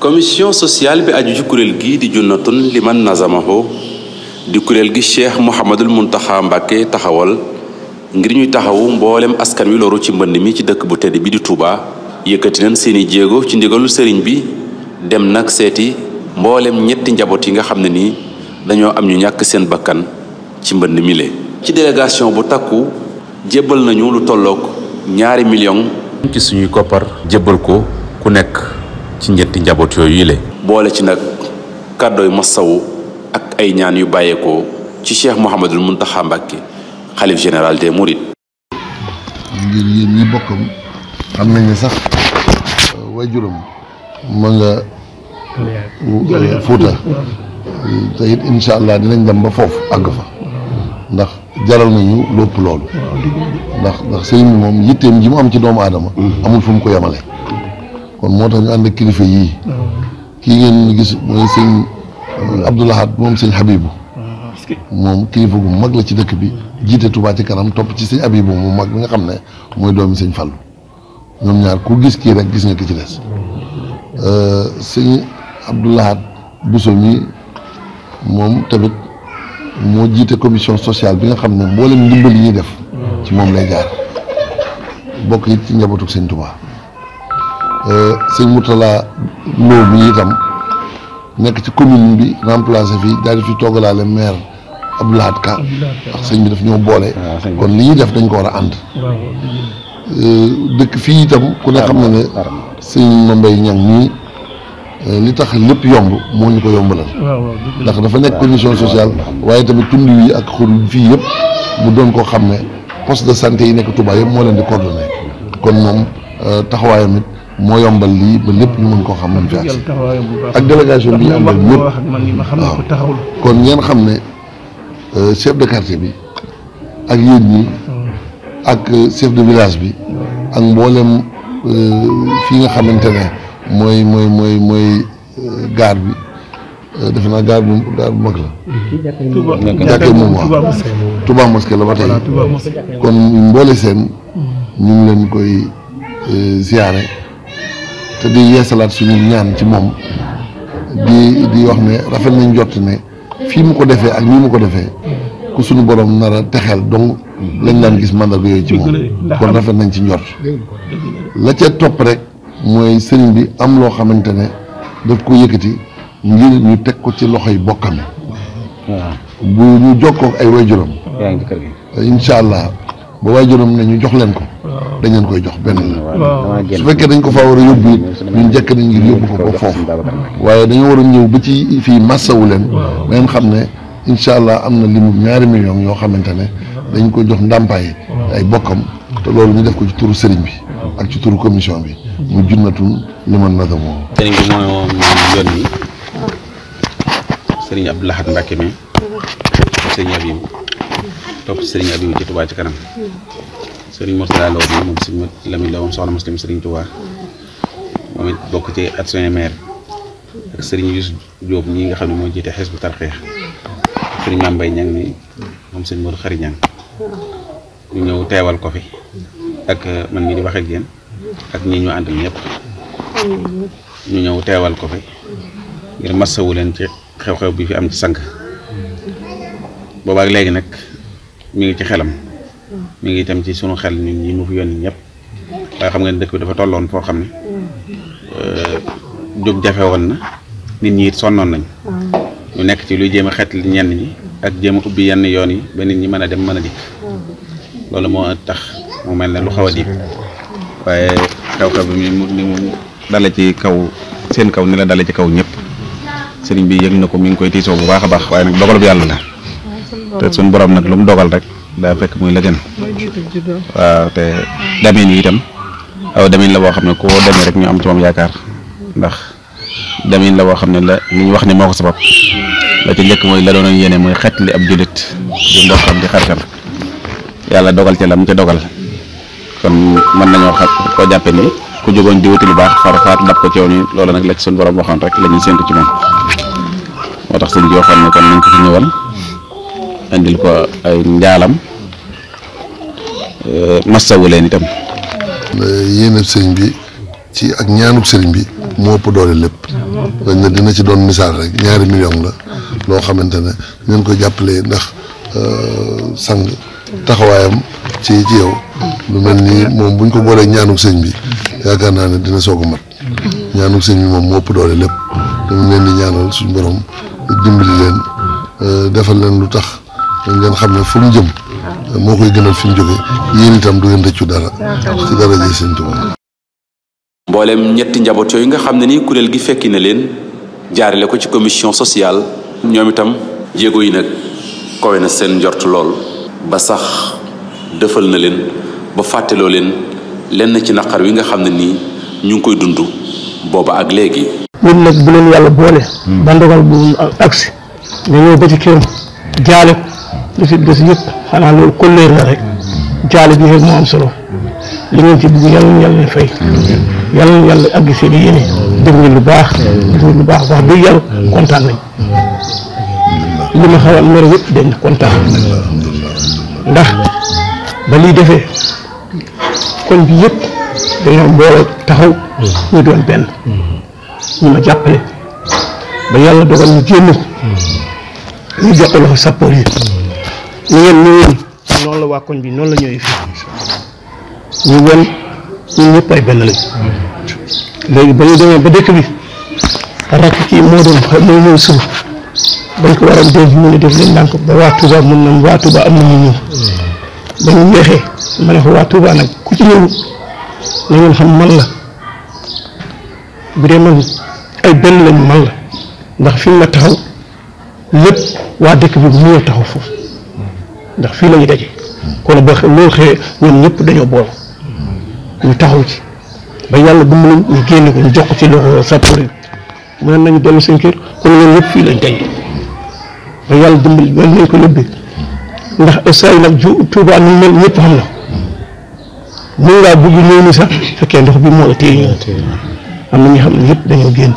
commission sociale bi aju ci kuréel gi di junnatun liman nazamaho di kuréel gi cheikh mouhamadul muntaxa mbàkke taxawal ngir ñuy taxawu mboolem askan wi loru ci mbënd mi ci dëkk bu tedd bi di Touba yëkkati nañ seeni jéego ci ndigalu sëriñ bi dem nag seeti mboolem ñetti njaboot yi nga xam ne nii dañoo am ñu ñàkk seen bakkan ci mbënd mi le ci délégation bu takku jébbal nañu lu tolloog ñaari million ci suñuy koppar jébbal ko ku nekk ci ñetti njaboot yooyu yi le boole ci nag kàddooy masawu ak ay ñaan yu bàyyeekoo ci cheikh Mouhamadul Mountakha Mbacké xalif général des Mourides. ngir yéen ñi bokkam xam nañ ne sax euh, waajuram mën nga Fuuta te it allah dinañ dem foofu àgg fa ndax jaral nañu lépp loolu ndax ndax sëriñ bi moom yitteem ji mu am ci doomu aadama mm-hmm. amul fu mu ko yemale kon moo tax ñu ànd ak kilifa yii mm-hmm. kii ngeen gis mooy sëñ euh, Abdoulahat moom sëñ Habibu mm-hmm. moom kilifa gu mag la ci dëkk bi jiite Touba ci kanam topp ci sëñ Habibu mu mag bi nga xam ne mooy doomi sëñ Fallu ñoom ñaar ku gis kii rek gis nga ki ci des euh, sëñ Abdoulahat Bousso mi moom tamit moo jiite commission sociale bi nga xam ne mboolem ndimbal yi ñu def ci moom lay jaar bokk it ci njabootu sëñ Touba euh, sëñ Mourtala Lo mi itam nekk ci commune bi remplacé fii daal di fi toggalaale maire Abdou Lahad Ka ndax bi daf ñoo boole ah, kon li ñuy def dañ ko war a ànd euh, dëkk fii itam ku ne xam na ne sëñ Mambay Ñang ñii euh, li tax lépp yomb moo ñu ko yombalal ndax dafa nekk condition sociale waaye tamit tund yi ak xur fii yëpp mu doon ko xam ne poste de santé yi nekk Touba yëpp moo leen di coordonné kon moom euh, taxawaayam it moo yombal lii ba lépp ñu koo xam ak délégation bi ñu àndal ñëpp waaw kon ngeen xam ne euh, chef de quartier bi ak yéen ñi hmm. ak sef euh, de village bi hmm. ak mboolem fii nga xamante ne mooy mooy mooy mooy gaar bi defe naa gaar bu gaar bu mag la hmm. Touba Mosquée la ba tey kon mboole seen ñu ngi leen koy euh, ziyaare te di yeesalaat suñu ñaan ci moom di di wax ne rafet nañ jot ne fii mu ko defee ak nii mu ko defee ku suñu borom nar a texeel donc lañ daan gis mandarga yooyu ci moom kon rafet nañ ci njort la ca topp rek mooy sëriñ bi am loo xamante ne daf ko yëkkati ngir ñu teg ko ci loxoy bokkam waaw bu ñu jokkoo ay waajuram. yaa ngi ci kër gi. incha allah ba waajuram ne ñu jox leen ko. dañ leen koy jox benn la. su fekkee dañ ko faa war a yóbbu it ñun njëkk ni ngir yóbbu ko ba foofu. waaye dañu war a ñëw ba ci fii massawu leen. ba ngeen xam ne incha allah am na limu ñaari million yoo xamante ne dañ ko jox ndàmpaay ay bokkam. te loolu ñu def ko ci turu sëriñ bi. ak ci turu commission bi. mu junnatun li man na yi sëriñ Abib topp sëriñ Abib ci Touba ci kanam sëriñ Moustapha Lo moom sëriñ Lamine Lo moom soxna muslim sëriñ Touba moom it bokk ci adjoint maire ak sëriñ Youssou Diop ñi nga xam ne mooy jiite xisbu bu ak sëriñ Mame Mbaye Niang moom sëriñ Modou Khary Niang ñu ñëw teewal ko fi ak man mii di wax ak yéen ak ñi ñu àndal ñëpp ñu ñëw teewal ko fi ngir masawu leen ci xew-xew bi fi am ci sang boobaak léegi nag mu ngi ci xelam mu mm. ngi itam ci sunu xel nit ñi mu fi yónni ñëpp waaye xam nga ne dëkk bi dafa tolloon foo xam ne mm. euh, jóg jafe woon na nit ñi it sonnoon nañ mm. ñu nekk ci luy jéem a xeetli ñenn ñi ak jéem a ubbi yenn yoon yi ba nit ñi mën a dem mën a dikk loolu moo tax mu mel ne lu xaw a dikk waaye xew-xew bi mu ni mu dale ci kaw seen kaw ni la dale ci kaw ñëpp sëriñ bi yëg na ko mi ngi koy tiisoo bu baax a baax waaye nag dogalub yàlla la te suñ borom nag lu mu dogal rek daa fekk muy la gën waaw te demeen yi itam aw demeen la boo xam ne ko demee rek ñu am ci moom yaakaar ndax demeen la boo xam ne la li ñu wax ne moo ko sabab la ci njëkk mooy la doon yéene mooy xetli ab jullit di mbokkam di xaritam yàlla dogal ci la mu ci dogal kon mën nañoo xam koo jàppe ni ku jógoon di wuti lu baax far faat dab ko ci yow ni loolu nag la ci suñ borom waxoon rek la ñuy séntu ci moom moo tax sëñ bi waxoon ne kon nañ ko fi indil ko ay njaalam euh, masawu leen itam. yéene sëriñ bi ci ak ñaanuk sëriñ bi moo ëpp doole lépp dañ na dina ci doon misaal rek ñaari million la loo xamante ne ngeen ko jàppalee ndax euh, sang taxawaayam ci ci yow lu mel ni moom buñ ko boolee ñaanuk sëriñ bi yaakaar naa ne dina soog a mat ñaanuk sëriñ bi moom moo ëpp doole lépp dañ leen di ñaanal suñu borom dimbali leen euh, defal leen lu tax ngeen xam ne fu mu jëm ah. moo koy gënal fi mu jógee yéen itam du ngeen rëccu dara ci dara ñetti njaboot yooyu nga xam ne nii kuréel gi fekki na leen jaarale ko ci commission sociale ñoom itam jéego yi nag kowe na seen njort lool ba sax dëfal na leen ba fàtteloo leen lenn ci naqar wi nga xam ne nii ñu ngi koy dund booba ak léegi ñun nag bu leen yàlla boole hmm. ba ndogal bu agsi dañoo ba ci këram jaale li fi des yëpp xanaa loolu kolleer la rek jaale bi rek moo am solo li ngeen ci bëgg yàlla na yàlla na fay yàlla na yàlla àgg seen i yéene def ngeen lu baax def ngeen lu baax wax dëgg yàlla kontaan nañ li ma xaw a mer yëpp dañ kontaan ndax ba liy defee koñ bi yëpp dañoo mbooloo taxaw ñu doon benn ñu ma jàppale ba yàlla dogal ñu génn ñu jox loxo sappoor yi ni ngeen noonu la waa koñ bi noonu la ñëwee fii ñu wan ñun ñëpp ay benn lañ léegi ba ñu ba dëkk bi rakk kii bañ ko waral dégg mu def leen ndànk ba waa Touba mun na waa Touba am na ñu ñëw ba ñu weexee ma ne ko waa Touba nag ku ci ñëw na ngeen xam man la bu dee man ay benn lañ man la ndax fi mu la taxaw lépp waa dëkk bi mu ñëw taxaw foofu. ndax fii la ñuy daje kon ba loolu xëyee ñoom ñëpp dañoo bool ñu taxaw ci ba yàlla dimbali ñu génn ko ñu jox ko ci loxo sapeur mën nañu dellu seen kër kon ñoom ñëpp fii lañ daje ba yàlla dimbali ba nañ ndax saa yi nag ju na mën ngaa bëgg ñëw sax fekkee ndox bi moo la am na ñu xam ne ñëpp dañoo génn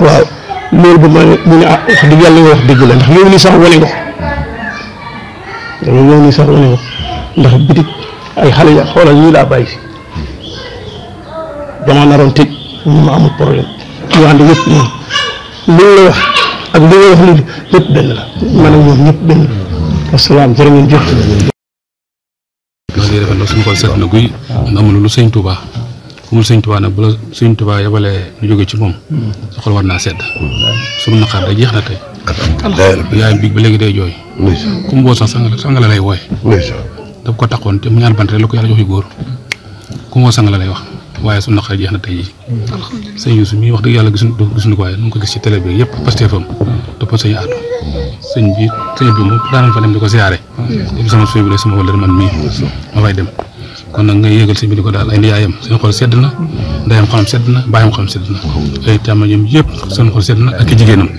waaw loolu ba ma mu ne ah wax dëgg yàlla nga wax dëgg la ndax yow sax wane te loolu yow nii sax wane ko ndax bitig ay xale ya xoolal ñii laa bàyyi si dama naroon tëj ma amul problème ñu ànd yëpp ñoom li la wax ak li wax nii lépp benn la man ak ñoom ñëpp benn la wasalaam jërë ngeen jëf. maa ngi rafetlu suñu xol seet na guy. amul lu sëñ Touba. ku mu sëñ Tuubaa nag bu la sëñ Tuubaa yabalee nu jóge ci moom. su xol war naa sedd. sunu naqar da jeex na tey. yaay bi ba léegi day jooy. ku mu boo sa sang la lay wooye. daf ko taxoon te mu ñaar bant rek la ko yàlla jox góor ku mu woo sang la lay wax waaye sunu naqar jeex na tey jii. sëñ Yuusu mii wax dëgg yàlla gis gisuñu gisuñu ko waaye nu ko gis ci télé bi yëpp pasteefam topp sëñ Aatu sëñ bi sëñ bi moom daanañ fa dem di ko siyaare. Mm. sama suy bi sama wala man kon nag ngay yëgal sëñ bi di ko daal ay yaayam seen xol sedd na ndeyam xolam sedd na bàyyam xolam sedd na ay tàmmañam yëpp seen xol sedd na i jigéenam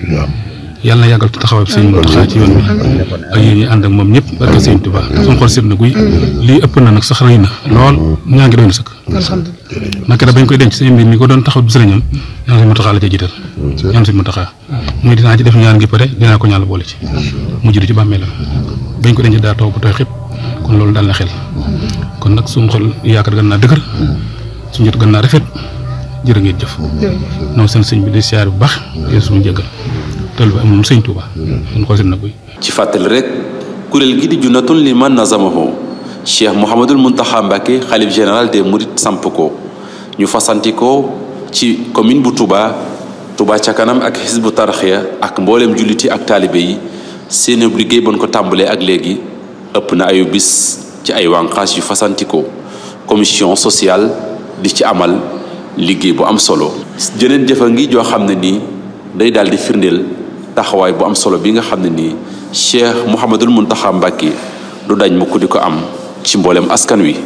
yàlla na yàggal ñëpp barke sëñ Tuubaa suñu xol na guy lii ëpp na nag sax rëy na lool ñaa ngi doy na sëkk naka bañ koy denc sëñ bi ni ko doon taxaw du sëriñam ñaan sëñ Mountakha la ca jiital ñaan sëñ Mountakha muy dinaa ci def ñaan gi pare dinaa ko ñaan la boole ci mujj du ci bàmmeelam bañ ko denc daa taw bu tooy xëpp kon loolu daal la xel kon nag suñu xol yaakaar gën naa dëgër suñu jot gën naa rafet jërë ngeen jëf noonu seen sëñ bi di siyaar bu baax yéen suñu jëggal tool bi amul sëñ Tuuba suñu xol seen na koy ci fàttali rek kuréel gi di Junatun Liman Nazamahu Cheikh Mouhamadul Mountakha Mbacké xalif général des Mourides samp ko ñu fasanti ko ci commune bu Touba Touba ca kanam ak Hizbu Tarxiya ak mbooleem julliti ak taalibe yi seen liggéey bon ko tàmbalee ak léegi ëpp na ayu ci ay wànqaas yu fasantikoo commission sociale di ci amal liggéey bu am solo jëneen jëfa ngi joo xam ne nii day daal di firndeel taxawaay bu am solo bi nga xam ne nii cheikh mouhamadul muntaxa mbàkke lu dañ mukk di ko am ci mboolem askan wi